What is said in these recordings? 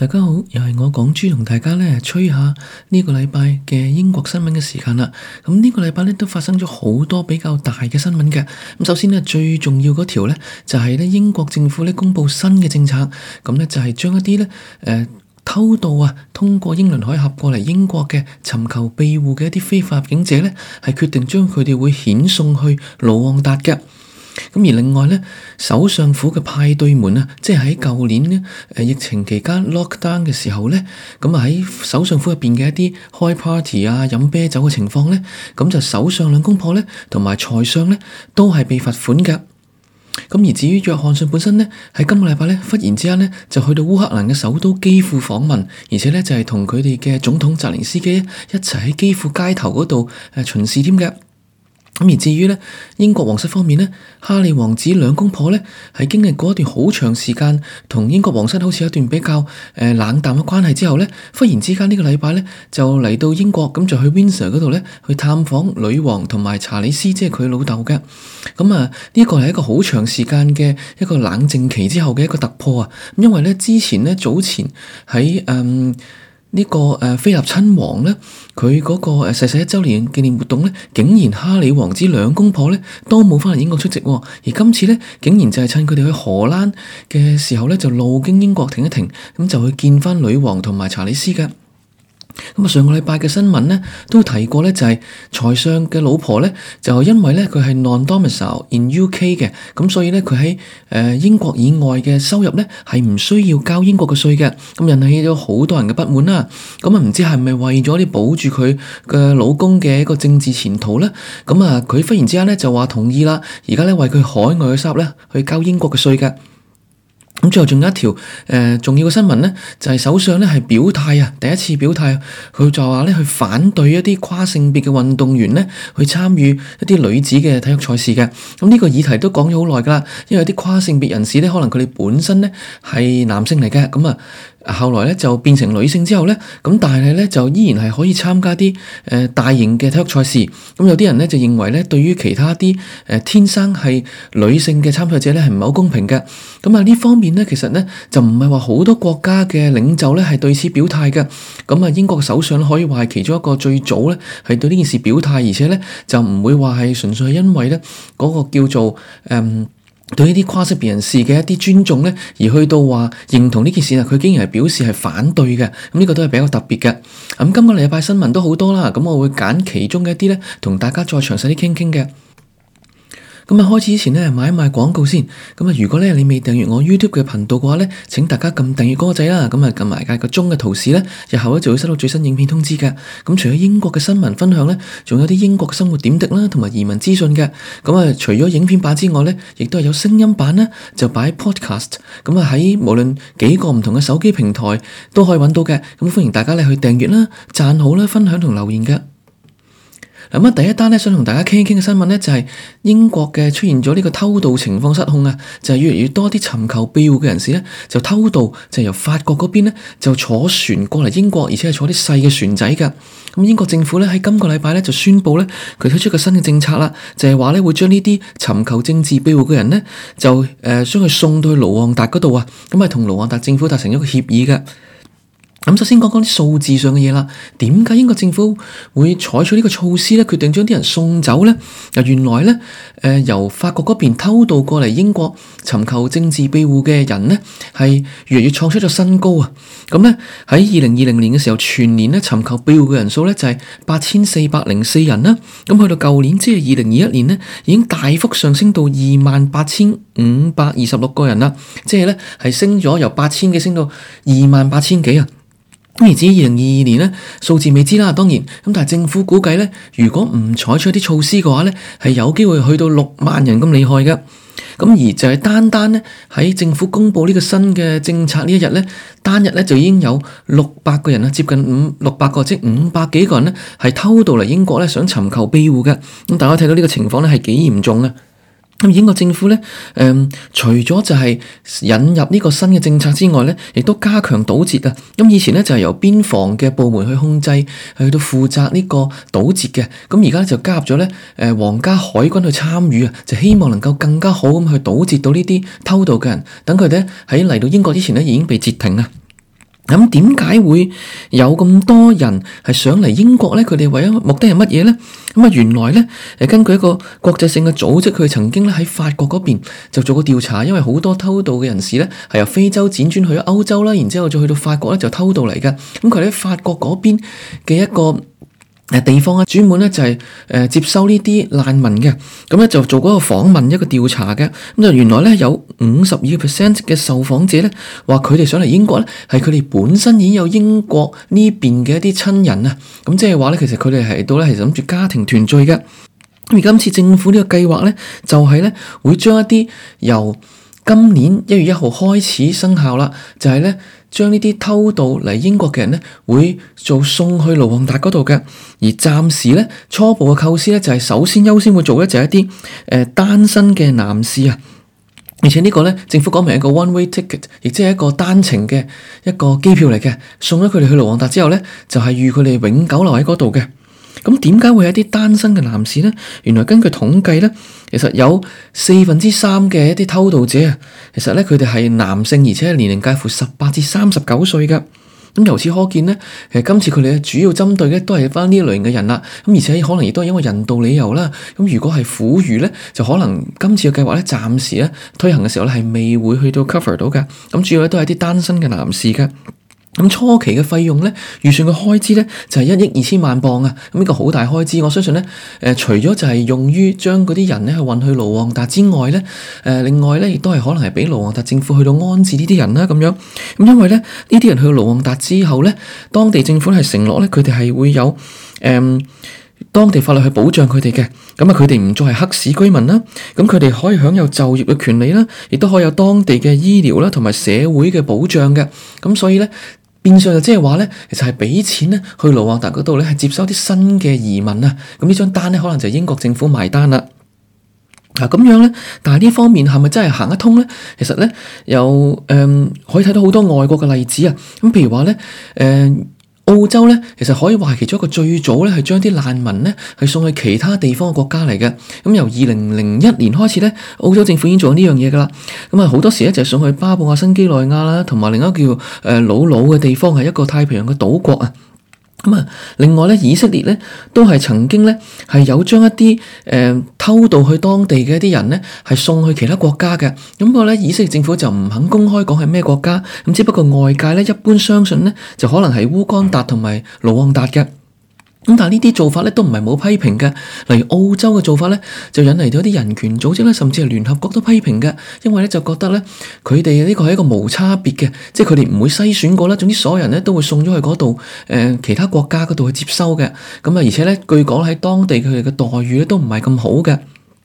大家好，又係我港豬同大家咧吹下呢個禮拜嘅英國新聞嘅時間啦。咁、嗯、呢、這個禮拜咧都發生咗好多比較大嘅新聞嘅。咁首先咧最重要嗰條咧就係、是、咧英國政府咧公布新嘅政策，咁咧就係、是、將一啲咧誒偷渡啊通過英倫海峽過嚟英國嘅尋求庇護嘅一啲非法入境者咧係決定將佢哋會遣送去盧旺達嘅。咁而另外咧，首相府嘅派對門啊，即係喺舊年咧，誒疫情期間 lockdown 嘅時候咧，咁啊喺首相府入邊嘅一啲開 party 啊、飲啤酒嘅情況咧，咁就首相兩公婆咧，同埋財相咧，都係被罰款㗎。咁而至於約翰遜本身咧，喺今個禮拜咧，忽然之間咧，就去到烏克蘭嘅首都基輔訪問，而且咧就係同佢哋嘅總統澤連斯基一齊喺基輔街頭嗰度誒巡視添嘅。咁而至於咧，英國皇室方面咧，哈利王子兩公婆咧，係經歷過一段好長時間，同英國皇室好似一段比較誒冷淡嘅關係之後咧，忽然之間呢個禮拜咧就嚟到英國，咁就去 Windsor 嗰度咧去探訪女王同埋查理斯，即係佢老豆嘅。咁啊，呢個係一個好長時間嘅一個冷靜期之後嘅一個突破啊！因為咧之前咧早前喺嗯。呢個誒菲臘親王咧，佢嗰個誒逝世一週年紀念活動咧，竟然哈里王子兩公婆咧都冇翻嚟英國出席喎，而今次咧竟然就係趁佢哋去荷蘭嘅時候咧，就路經英國停一停，咁就去見翻女王同埋查理斯嘅。咁啊，上個禮拜嘅新聞咧都提過咧，就係財相嘅老婆咧，就因為咧佢係 non-domiciled in UK 嘅，咁所以咧佢喺誒英國以外嘅收入咧係唔需要交英國嘅稅嘅，咁引起咗好多人嘅不滿啦。咁啊，唔知係咪為咗啲保住佢嘅老公嘅一個政治前途咧？咁啊，佢忽然之間咧就話同意啦，而家咧為佢海外嘅收入咧去交英國嘅稅嘅。咁最後仲有一條誒、呃、重要嘅新聞咧，就係首相咧係表態啊，第一次表態，佢就話咧去反對一啲跨性別嘅運動員咧去參與一啲女子嘅體育賽事嘅。咁、嗯、呢、呢個議題都講咗好耐㗎啦，因為啲跨性別人士咧，可能佢哋本身咧係男性嚟嘅，咁啊。後來咧就變成女性之後咧，咁但係咧就依然係可以參加啲誒大型嘅體育賽事。咁有啲人咧就認為咧，對於其他啲誒天生係女性嘅參賽者咧係唔係好公平嘅。咁啊呢方面咧其實咧就唔係話好多國家嘅領袖咧係對此表態嘅。咁啊英國首相可以話係其中一個最早咧係對呢件事表態，而且咧就唔會話係純粹係因為咧嗰個叫做誒。嗯對呢啲跨性別人士嘅一啲尊重咧，而去到話認同呢件事啊，佢竟然係表示係反對嘅，咁、這、呢個都係比較特別嘅。咁今個禮拜新聞都好多啦，咁我會揀其中嘅一啲咧，同大家再詳細啲傾傾嘅。咁啊，開始之前呢，買一買廣告先。咁啊，如果呢你未訂閱我 YouTube 嘅頻道嘅話呢，請大家撳訂閱歌仔啦。咁啊，撳埋介個鐘嘅圖示呢，日後呢就會收到最新影片通知嘅。咁除咗英國嘅新聞分享呢，仲有啲英國生活點滴啦，同埋移民資訊嘅。咁啊，除咗影片版之外呢，亦都係有聲音版呢，就擺 Podcast。咁啊，喺無論幾個唔同嘅手機平台都可以揾到嘅。咁歡迎大家呢去訂閱啦，讚好啦，分享同留言嘅。第一單想同大家傾一傾嘅新聞咧，就係英國嘅出現咗呢個偷渡情況失控啊，就係越嚟越多啲尋求庇護嘅人士咧，就偷渡，就由法國嗰邊咧就坐船過嚟英國，而且係坐啲細嘅船仔噶。咁英國政府咧喺今個禮拜咧就宣布咧，佢推出個新嘅政策啦，就係話咧會將呢啲尋求政治庇護嘅人咧，就誒將佢送到去盧旺達嗰度啊，咁啊同盧旺達政府達成一個協議噶。咁首先講講啲數字上嘅嘢啦，點解英國政府會採取呢個措施咧？決定將啲人送走咧？又原來咧，誒、呃，由法國嗰邊偷渡過嚟英國尋求政治庇護嘅人咧，係越嚟越創出咗新高啊！咁咧喺二零二零年嘅時候，全年咧尋求庇護嘅人數咧就係八千四百零四人啦。咁、嗯、去到舊年，即係二零二一年咧，已經大幅上升到二萬八千五百二十六個人啦，即係咧係升咗由八千幾升到二萬八千幾啊！咁而至於二零二二年呢，數字未知啦。當然，咁但係政府估計呢，如果唔採取一啲措施嘅話呢，係有機會去到六萬人咁厲害嘅。咁而就係單單呢，喺政府公布呢個新嘅政策呢一日呢，單日呢就已經有六百個人啊，接近五六百個，即五百幾個人呢，係偷渡嚟英國呢，想尋求庇護嘅。咁大家睇到呢個情況呢，係幾嚴重啊！咁英國政府咧，誒、嗯、除咗就係引入呢個新嘅政策之外咧，亦都加強堵截啊！咁以前咧就係由邊防嘅部門去控制，去到負責呢個堵截嘅。咁而家就加入咗咧，誒，皇家海軍去參與啊，就希望能夠更加好咁去堵截到呢啲偷渡嘅人，等佢哋喺嚟到英國之前咧已經被截停啊！咁點解會有咁多人係上嚟英國咧？佢哋唯一目的係乜嘢咧？咁啊，原來咧係根據一個國際性嘅組織，佢曾經咧喺法國嗰邊就做過調查，因為好多偷渡嘅人士咧係由非洲輾轉去咗歐洲啦，然之後再去到法國咧就偷渡嚟噶。咁佢喺法國嗰邊嘅一個誒地方啊，專門咧就係誒接收呢啲難民嘅，咁咧就做嗰個訪問一個調查嘅，咁就原來咧有五十二 percent 嘅受訪者咧話佢哋想嚟英國咧，係佢哋本身已經有英國呢邊嘅一啲親人啊，咁即係話咧，其實佢哋係到咧係諗住家庭團聚嘅。咁而今次政府呢個計劃咧，就係咧會將一啲由今年一月一號開始生效啦，就係咧。將呢啲偷渡嚟英國嘅人呢，會做送去盧旺達嗰度嘅。而暫時呢，初步嘅構思呢，就係首先優先會做一就一啲誒單身嘅男士啊。而且呢個呢，政府講明係一個 one way ticket，亦即係一個單程嘅一個機票嚟嘅。送咗佢哋去盧旺達之後呢，就係預佢哋永久留喺嗰度嘅。咁點解會有啲單身嘅男士呢？原來根據統計呢，其實有四分之三嘅一啲偷渡者啊，其實呢，佢哋係男性，而且年齡介乎十八至三十九歲㗎。咁由此可見呢，誒今次佢哋主要針對嘅都係翻呢類型嘅人啦。咁而且可能亦都係因為人道理由啦，咁如果係婦孺呢，就可能今次嘅計劃呢，暫時呢推行嘅時候呢，係未會去到 cover 到㗎。咁主要都係啲單身嘅男士㗎。咁初期嘅費用咧，預算嘅開支咧就係、是、一億二千萬鎊啊！咁、嗯、呢、這個好大開支，我相信咧，誒、呃、除咗就係用於將嗰啲人咧去運去盧旺達之外咧，誒、呃、另外咧亦都係可能係俾盧旺達政府去到安置呢啲人啦咁樣。咁、嗯、因為咧呢啲人去到盧旺達之後咧，當地政府係承諾咧佢哋係會有誒、呃、當地法律去保障佢哋嘅，咁啊佢哋唔再係黑市居民啦，咁佢哋可以享有就業嘅權利啦，亦都可以有當地嘅醫療啦同埋社會嘅保障嘅，咁所以咧。變相就即係話呢，其實係畀錢咧去盧旺達嗰度咧，係接收啲新嘅移民啊。咁呢張單呢，可能就係英國政府埋單啦。嗱、啊，咁樣呢，但係呢方面係咪真係行得通呢？其實呢，有誒、呃，可以睇到好多外國嘅例子啊。咁譬如話呢。誒、呃。澳洲咧，其實可以話係其中一個最早咧，係將啲難民咧，係送去其他地方嘅國家嚟嘅。咁由二零零一年開始咧，澳洲政府已經做咗呢樣嘢噶啦。咁啊，好多時咧就係送去巴布亞新幾內亞啦，同埋另一個叫誒瑙魯嘅地方，係一個太平洋嘅島國啊。另外以色列咧都係曾經咧係有將一啲、呃、偷渡去當地嘅啲人咧係送去其他國家嘅，咁，不過以色列政府就唔肯公開講係咩國家，咁，只不過外界咧一般相信呢，就可能係烏干達同埋盧旺達嘅。咁但係呢啲做法咧都唔係冇批評嘅，例如澳洲嘅做法咧就引嚟咗啲人權組織咧，甚至係聯合國都批評嘅，因為咧就覺得咧佢哋呢個係一個無差別嘅，即係佢哋唔會篩選過啦，總之所有人咧都會送咗去嗰度，誒，其他國家嗰度去接收嘅，咁啊而且咧據講喺當地佢哋嘅待遇咧都唔係咁好嘅，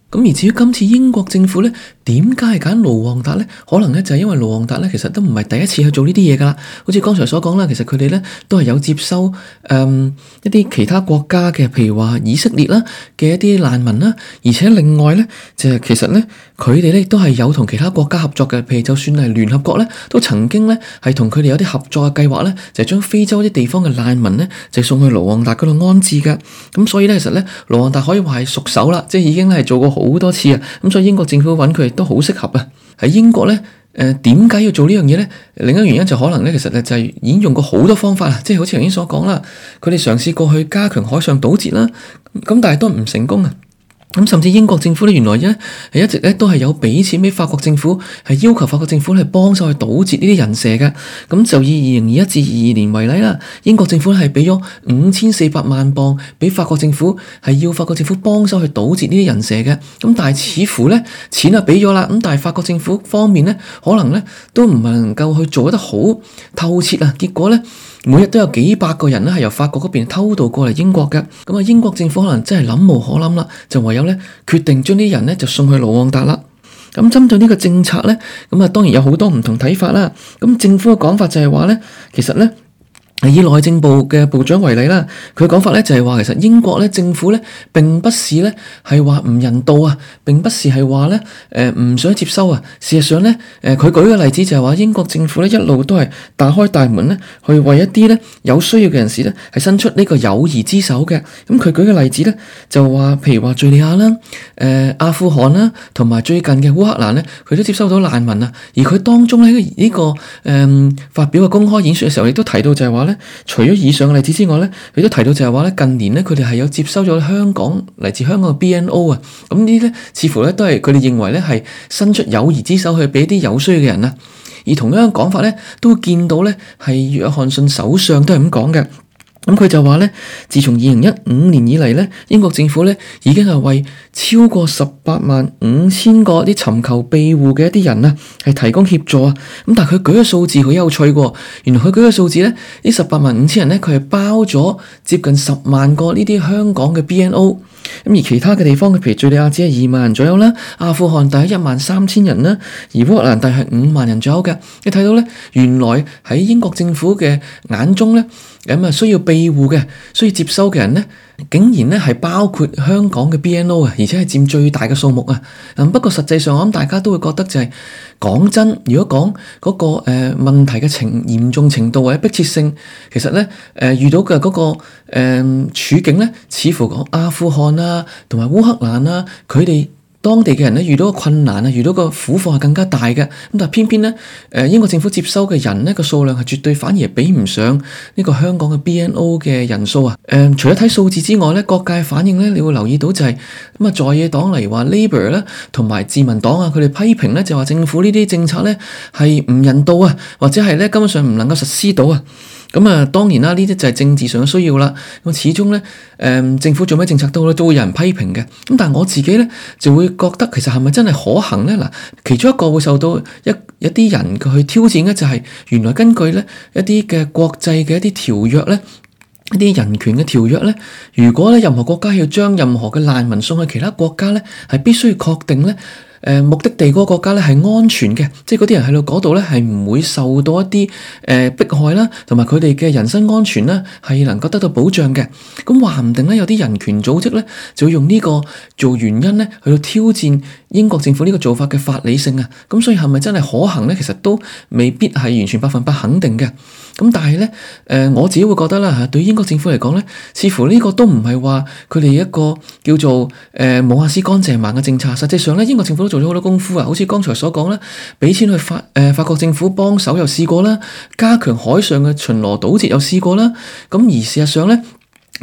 咁而至於今次英國政府咧。點解係揀盧旺達呢？可能呢，就係因為盧旺達呢，其實都唔係第一次去做呢啲嘢㗎喇。好似剛才所講啦，其實佢哋呢，都係有接收誒、嗯、一啲其他國家嘅，譬如話以色列啦嘅一啲難民啦。而且另外呢，就係、是、其實呢，佢哋呢都係有同其他國家合作嘅。譬如就算係聯合國呢，都曾經呢係同佢哋有啲合作嘅計劃呢，就係、是、將非洲啲地方嘅難民呢，就送去盧旺達嗰度安置㗎。咁、嗯、所以呢，其實呢，盧旺達可以話係熟手啦，即係已經係做過好多次啊。咁、嗯、所以英國政府揾佢。都好適合啊！喺英國呢，誒，點解要做這呢樣嘢咧？另一個原因就可能呢，其實咧就係、已經用過好多方法啊，即係好似頭先所講啦，佢哋嘗試過去加強海上堵截啦，啊，咁但係都唔成功啊！咁甚至英國政府咧，原來咧係一直咧都係有俾錢俾法國政府，係要求法國政府咧係幫手去堵截呢啲人蛇嘅。咁就以二零二一至二二年為例啦，英國政府咧係俾咗五千四百萬鎊俾法國政府，係要法國政府幫手去堵截呢啲人蛇嘅。咁但係似乎咧錢啊俾咗啦，咁但係法國政府方面咧可能咧都唔係能夠去做得好透徹啊，結果咧。每日都有幾百個人咧，係由法國嗰邊偷渡過嚟英國嘅，英國政府可能真係諗無可諗啦，就唯有咧決定將啲人送去盧旺達啦。咁針對呢個政策呢，咁當然有好多唔同睇法啦。咁政府嘅講法就係話呢，其實呢。以內政部嘅部長為例啦，佢講法咧就係話，其實英國咧政府咧並不是咧係話唔人道啊，並不是係話咧誒唔想接收啊。事實上咧，誒、呃、佢舉嘅例子就係話，英國政府咧一路都係打開大門咧，去為一啲咧有需要嘅人士咧係伸出呢個友誼之手嘅。咁佢舉嘅例子咧就話，譬如話敍利亞啦、誒、呃、阿富汗啦，同埋最近嘅烏克蘭咧，佢都接收到難民啊。而佢當中咧呢、這個誒、呃、發表嘅公開演説嘅時候，亦都提到就係話咧。除咗以上嘅例子之外咧，佢都提到就係話咧，近年咧佢哋係有接收咗香港，嚟自香港嘅 BNO 啊，咁呢啲咧似乎咧都係佢哋認為咧係伸出友誼之手去俾啲有需要嘅人啊，而同樣嘅講法咧都會見到咧係約翰遜首相都係咁講嘅。咁佢就話咧，自從二零一五年以嚟咧，英國政府咧已經係為超過十八萬五千個啲尋求庇護嘅一啲人啊，係提供協助啊。咁但係佢舉嘅數字好有趣喎，原來佢舉嘅數字咧，呢十八萬五千人咧，佢係包咗接近十萬個呢啲香港嘅 BNO。咁而其他嘅地方嘅，譬如敍利亞只係二萬人左右啦，阿富汗大概一萬三千人啦，而烏克蘭大概係五萬人左右嘅。你睇到咧，原來喺英國政府嘅眼中咧。需要庇護嘅，需要接收嘅人呢，竟然咧係包括香港嘅 BNO 啊，而且係佔最大嘅數目啊、嗯。不過實際上我諗咁，大家都會覺得就係、是、講真，如果講嗰、那個誒、呃、問題嘅情嚴重程度或者迫切性，其實呢，誒、呃、遇到嘅嗰、那個誒、呃、處境呢，似乎講阿富汗啊，同埋烏克蘭啊，佢哋。當地嘅人咧遇到個困難啊，遇到個苦況係更加大嘅。咁但係偏偏咧，誒英國政府接收嘅人咧個數量係絕對反而係比唔上呢個香港嘅 BNO 嘅人數啊。誒、嗯、除咗睇數字之外咧，各界反應咧，你會留意到就係咁啊，在野黨例如話 Labour 咧，同埋自民黨啊，佢哋批評咧就話政府呢啲政策咧係唔人道啊，或者係咧根本上唔能夠實施到啊。咁啊，當然啦，呢啲就係政治上嘅需要啦。咁始終咧，誒、嗯、政府做咩政策都好咧，都會有人批評嘅。咁但係我自己咧，就會覺得其實係咪真係可行咧？嗱，其中一個會受到一有啲人佢去挑戰咧，就係原來根據咧一啲嘅國際嘅一啲條約咧。一啲人權嘅條約咧，如果咧任何國家要將任何嘅難民送去其他國家咧，係必須要確定咧，誒目的地嗰個國家咧係安全嘅，即係嗰啲人喺到嗰度咧係唔會受到一啲誒迫害啦，同埋佢哋嘅人身安全咧係能夠得到保障嘅。咁話唔定咧，有啲人權組織咧就會用呢個做原因咧去到挑戰英國政府呢個做法嘅法理性啊。咁所以係咪真係可行咧？其實都未必係完全百分百肯定嘅。咁但係咧，誒我自己會覺得啦嚇，對英國政府嚟講咧，似乎呢個都唔係話佢哋一個叫做誒冇阿斯乾淨萬嘅政策。實際上咧，英國政府都做咗好多功夫啊，好似剛才所講咧，畀錢去法誒、呃、法國政府幫手又試過啦，加強海上嘅巡邏堵截又試過啦。咁而事實上咧。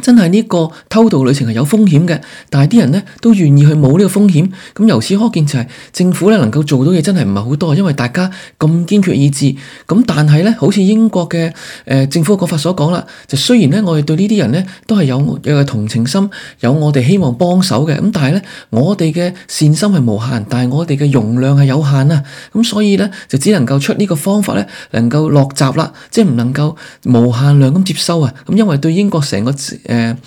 真係呢個偷渡旅程係有風險嘅，但係啲人呢都願意去冇呢個風險。咁由此可見就係、是、政府呢能夠做到嘢真係唔係好多，因為大家咁堅決意志。咁但係呢，好似英國嘅誒、呃、政府講法所講啦，就雖然呢我哋對呢啲人呢都係有有同情心，有我哋希望幫手嘅。咁但係呢，我哋嘅善心係無限，但係我哋嘅容量係有限啊。咁所以呢，就只能夠出呢個方法呢，能夠落閘啦，即係唔能夠無限量咁接收啊。咁因為對英國成個。誒，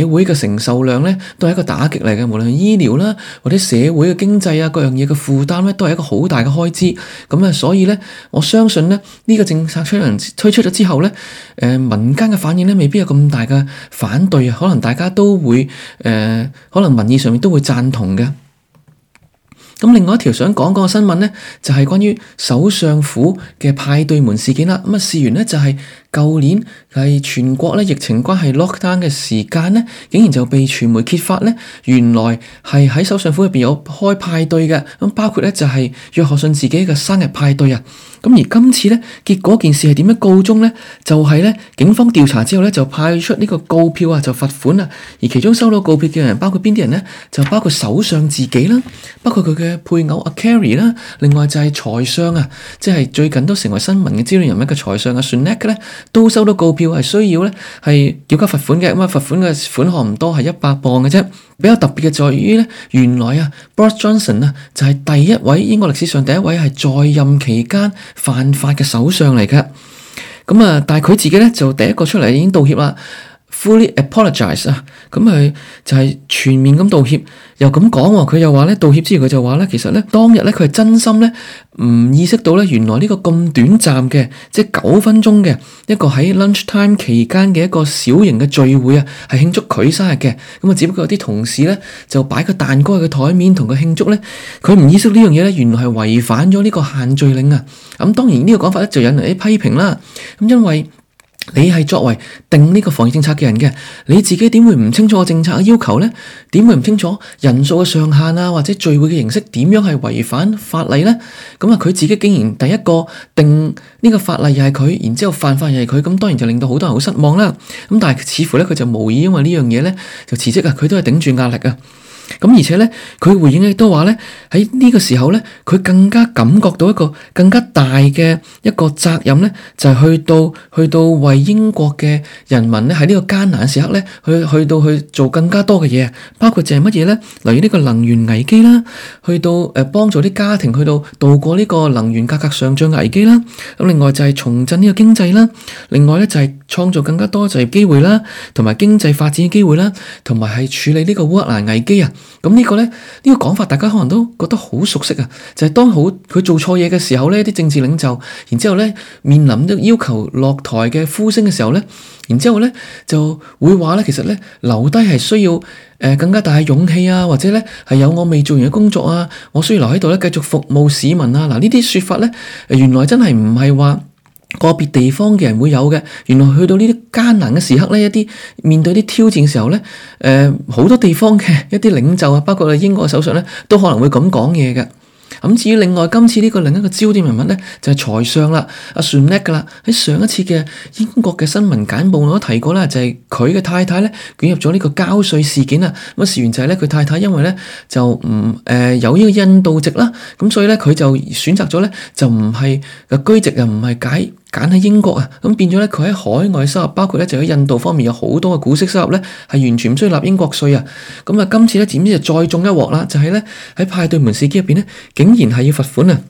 社會嘅承受量咧，都係一個打擊嚟嘅。無論醫療啦，或者社會嘅經濟啊，各樣嘢嘅負擔咧，都係一個好大嘅開支。咁啊，所以咧，我相信咧，呢、這個政策出咗推出咗之後咧，誒、呃，民間嘅反應咧，未必有咁大嘅反對啊。可能大家都會誒、呃，可能民意上面都會贊同嘅。咁另外一條想講個新聞咧，就係、是、關於首相府嘅派對門事件啦。咁啊，事緣咧就係、是。舊年係全國咧疫情關係 lockdown 嘅時間咧，竟然就被傳媒揭發咧，原來係喺首相府入邊有開派對嘅，咁包括咧就係約翰遜自己嘅生日派對啊。咁而今次咧，結果件事係點樣告終咧？就係咧，警方調查之後咧，就派出呢個告票啊，就罰款啊。而其中收到告票嘅人，包括邊啲人咧？就包括首相自己啦，包括佢嘅配偶阿 Carrie 啦，另外就係財相啊，即係最近都成為新聞嘅資料人物嘅財相阿 Sunak 咧。都收到告票，係需要呢，係繳交罰款嘅。咁啊，罰款嘅款項唔多，係一百磅嘅啫。比較特別嘅在於呢，原來啊，Boris Johnson 啊，就係第一位英國歷史上第一位係在任期間犯法嘅首相嚟嘅。咁啊，但係佢自己呢，就第一個出嚟已經道歉啦。Fully apologize 啊，咁佢就係全面咁道歉，又咁講喎，佢又話咧道歉之後佢就話咧，其實咧當日咧佢係真心咧唔意識到咧，原來呢個咁短暫嘅即係九分鐘嘅一個喺 lunch time 期間嘅一個小型嘅聚會啊，係慶祝佢生日嘅，咁啊只不過有啲同事咧就擺個蛋糕喺個台面同佢慶祝咧，佢唔意識呢樣嘢咧，原來係違反咗呢個限聚令啊，咁當然呢個講法咧就引來啲批評啦，咁因為。你係作為定呢個防疫政策嘅人嘅，你自己點會唔清楚個政策嘅要求呢？點會唔清楚人數嘅上限啊，或者聚會嘅形式點樣係違反法例呢？咁啊，佢自己竟然第一個定呢個法例又係佢，然之後犯法又係佢，咁當然就令到好多人好失望啦。咁但係似乎呢，佢就無意因為呢樣嘢呢，就辭職啊，佢都係頂住壓力啊。咁而且咧，佢回應咧都話咧，喺呢個時候咧，佢更加感覺到一個更加大嘅一個責任咧，就係、是、去到去到為英國嘅人民咧，喺呢個艱難嘅時刻咧，去去到去做更加多嘅嘢，包括就係乜嘢咧？例如呢個能源危機啦，去到誒幫、呃、助啲家庭去到度過呢個能源價格,格上漲危機啦。咁另外就係重振呢個經濟啦，另外咧就係創造更加多就業機會啦，同埋經濟發展嘅機會啦，同埋係處理呢個烏克蘭危機啊！咁呢、呢個咧，呢個講法大家可能都覺得好熟悉啊！就係、是、當好佢做錯嘢嘅時候咧，啲政治領袖，然之後咧面臨要求落台嘅呼聲嘅時候咧，然之後咧就會話咧，其實咧留低係需要誒、呃、更加大嘅勇氣啊，或者咧係有我未做完嘅工作啊，我需要留喺度咧繼續服務市民啊！嗱呢啲說法咧，原來真係唔係話。個別地方嘅人會有嘅，原來去到呢啲艱難嘅時刻咧，一啲面對啲挑戰時候咧，誒、呃、好多地方嘅一啲領袖啊，包括英國嘅首相咧，都可能會咁講嘢嘅。咁至於另外今次呢個另一個焦點人物咧，就係財相啦，阿船叻噶 Sunak 㗎啦，喺上一次嘅英國嘅新聞簡報我都提過啦，就係佢嘅太太咧捲入咗呢個交稅事件啊。咁事緣就係咧，佢太太因為咧就唔誒、呃、有呢個印度籍啦，咁所以咧佢就選擇咗咧就唔係嘅居籍又唔係解。揀喺英國啊，咁變咗呢佢喺海外收入，包括呢就喺印度方面有好多嘅股息收入呢，係完全唔需要納英國稅啊。咁啊，今次呢，點知就再中一鑊啦，就係呢，喺派對門市機入邊呢，竟然係要罰款啊！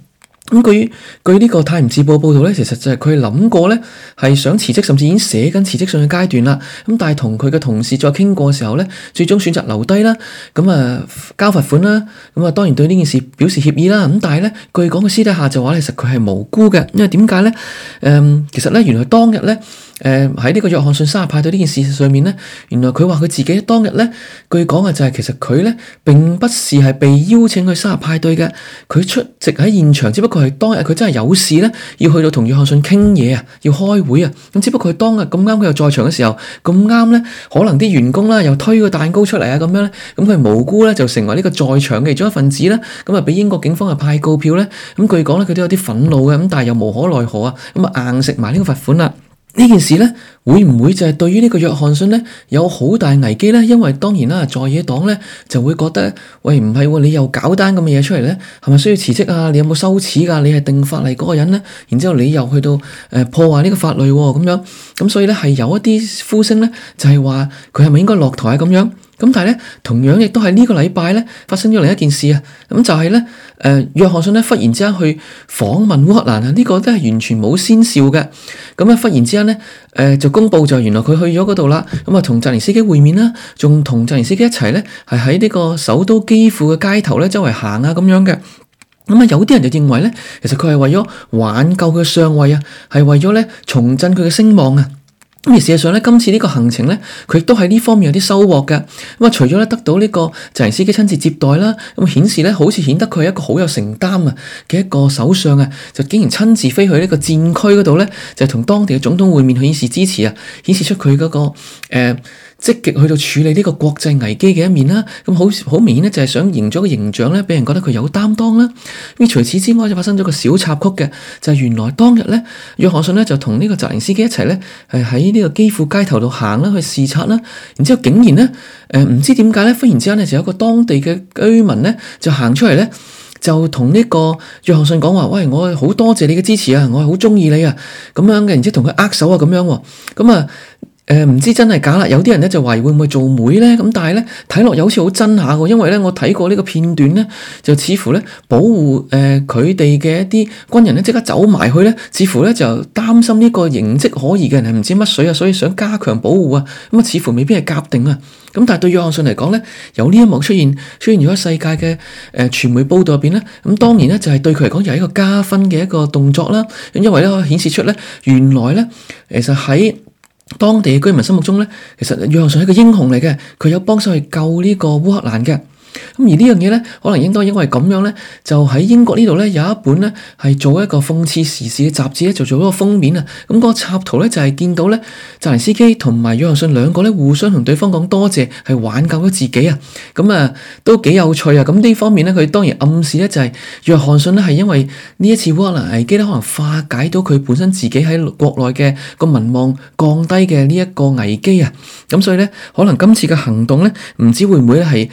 咁據據呢、這個《泰晤士報》報道咧，其實就係佢諗過咧，係想辭職，甚至已經寫緊辭職信嘅階段啦。咁但係同佢嘅同事再傾過嘅時候咧，最終選擇留低啦。咁、嗯、啊，交罰款啦。咁、嗯、啊，當然對呢件事表示歉意啦。咁但係咧，據講佢私底下就話咧，其實佢係無辜嘅，因為點解咧？誒、嗯，其實咧，原來當日咧。誒喺呢個約翰遜生日派對呢件事情上面呢，原來佢話佢自己當日呢據講啊就係其實佢呢並不是係被邀請去生日派對嘅，佢出席喺現場，只不過係當日佢真係有事呢，要去到同約翰遜傾嘢啊，要開會啊，咁只不過係當日咁啱佢又在場嘅時候，咁啱呢，可能啲員工啦又推個蛋糕出嚟啊咁樣呢。咁佢無辜咧就成為呢個在場嘅其中一份子啦，咁啊俾英國警方啊派告票咧，咁據講咧佢都有啲憤怒嘅，咁但係又無可奈何啊，咁啊硬食埋呢個罰款啦。呢件事呢，會唔會就係對於呢個約翰遜呢，有好大危機呢？因為當然啦，在野黨呢，就會覺得，喂唔係、喎、你又搞單咁嘅嘢出嚟呢，係咪需要辭職啊？你有冇羞恥㗎、啊？你係定法例嗰個人呢？」然之後你又去到誒、呃、破壞呢個法律咁、啊、樣，咁所以呢，係有一啲呼聲呢，就係話佢係咪應該落台咁樣？咁但係同樣亦都係呢個禮拜咧發生咗另一件事啊！咁就係、是、呢，誒、呃，約翰遜咧忽然之間去訪問烏克蘭啊！這個、呢個都係完全冇先兆嘅。咁、嗯、忽然之間呢，誒、呃、就公佈就原來佢去咗嗰度啦。咁、嗯、啊，同澤連斯基會面啦，仲同澤連斯基一齊呢，係喺呢個首都基輔嘅街頭呢周圍行啊咁樣嘅。咁啊，嗯、有啲人就認為呢，其實佢係為咗挽救佢嘅上位啊，係為咗呢重振佢嘅聲望啊！咁而事實上咧，今次呢個行程咧，佢亦都喺呢方面有啲收穫嘅。咁啊，除咗咧得到呢個就係司機親自接待啦，咁顯示咧好似顯得佢係一個好有承擔啊嘅一個首相啊，就竟然親自飛去呢個戰區嗰度咧，就同當地嘅總統會面，去顯示支持啊，顯示出佢嗰、嗰個誒。呃積極去到處理呢個國際危機嘅一面啦，咁好好明顯咧，就係想營造個形象咧，俾人覺得佢有擔當啦。咁除此之外，就發生咗個小插曲嘅，就係、是、原來當日咧，約翰遜咧就同呢個澤連斯基一齊咧，誒喺呢個基輔街頭度行啦，去視察啦。然之後竟然咧，誒、呃、唔知點解咧，忽然之間咧就有一個當地嘅居民咧就行出嚟咧，就同呢就個約翰遜講話，喂，我好多謝你嘅支持啊，我係好中意你啊，咁樣嘅。然之後同佢握手啊，咁樣喎，咁啊。誒，唔、呃、知真係假啦，有啲人咧就懷疑會唔會做媒咧，咁但係咧睇落有好似好真下嘅，因為咧我睇過呢個片段咧，就似乎咧保護誒佢哋嘅一啲軍人咧即刻走埋去咧，似乎咧就擔心呢個形跡可疑嘅人係唔知乜水啊，所以想加強保護啊，咁、嗯、啊似乎未必係夾定啊，咁、嗯、但係對約翰遜嚟講咧，有呢一幕出現，出現咗喺世界嘅誒傳媒報道入邊咧，咁、嗯、當然咧就係、是、對佢嚟講又係一個加分嘅一個動作啦，因為咧顯示出咧原來咧其實喺。當地嘅居民心目中咧，其實約翰遜係一個英雄嚟嘅，佢有幫手去救呢個烏克蘭嘅。咁而呢樣嘢咧，可能應該因為咁樣咧，就喺英國呢度咧有一本咧係做一個諷刺時事嘅雜誌咧，就做咗個封面啊。咁嗰個插圖咧就係見到咧，澤林斯基同埋約翰遜兩個咧互相同對方講多謝，係挽救咗自己啊。咁啊都幾有趣啊。咁呢方面咧，佢當然暗示咧就係約翰遜咧係因為呢一次烏克蘭危機咧，可能化解到佢本身自己喺國內嘅個民望降低嘅呢一個危機啊。咁所以咧，可能今次嘅行動咧，唔知會唔會係，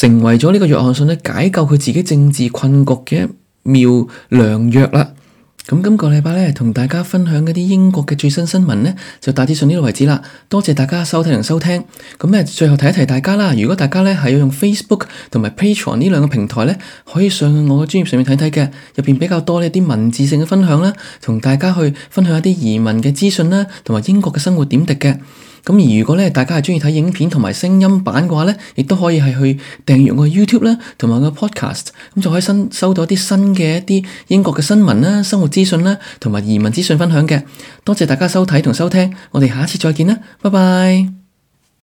成為咗呢個約翰遜解救佢自己政治困局嘅一妙良藥啦。咁今個禮拜呢，同大家分享一啲英國嘅最新新聞呢，就大致上呢度為止啦。多謝大家收睇同收聽。咁呢，最後提一提大家啦，如果大家呢係要用 Facebook 同埋 Patreon 呢兩個平台呢，可以上去我嘅專頁上看看面睇睇嘅，入邊比較多呢啲文字性嘅分享啦，同大家去分享一啲移民嘅資訊啦，同埋英國嘅生活點滴嘅。咁而如果咧，大家係鍾意睇影片同埋聲音版嘅話咧，亦都可以係去訂閱我嘅 YouTube 啦，同埋我嘅 Podcast，咁就可以新收到一啲新嘅一啲英國嘅新聞啦、生活資訊啦同埋移民資訊分享嘅。多謝大家收睇同收聽，我哋下次再見啦，拜拜。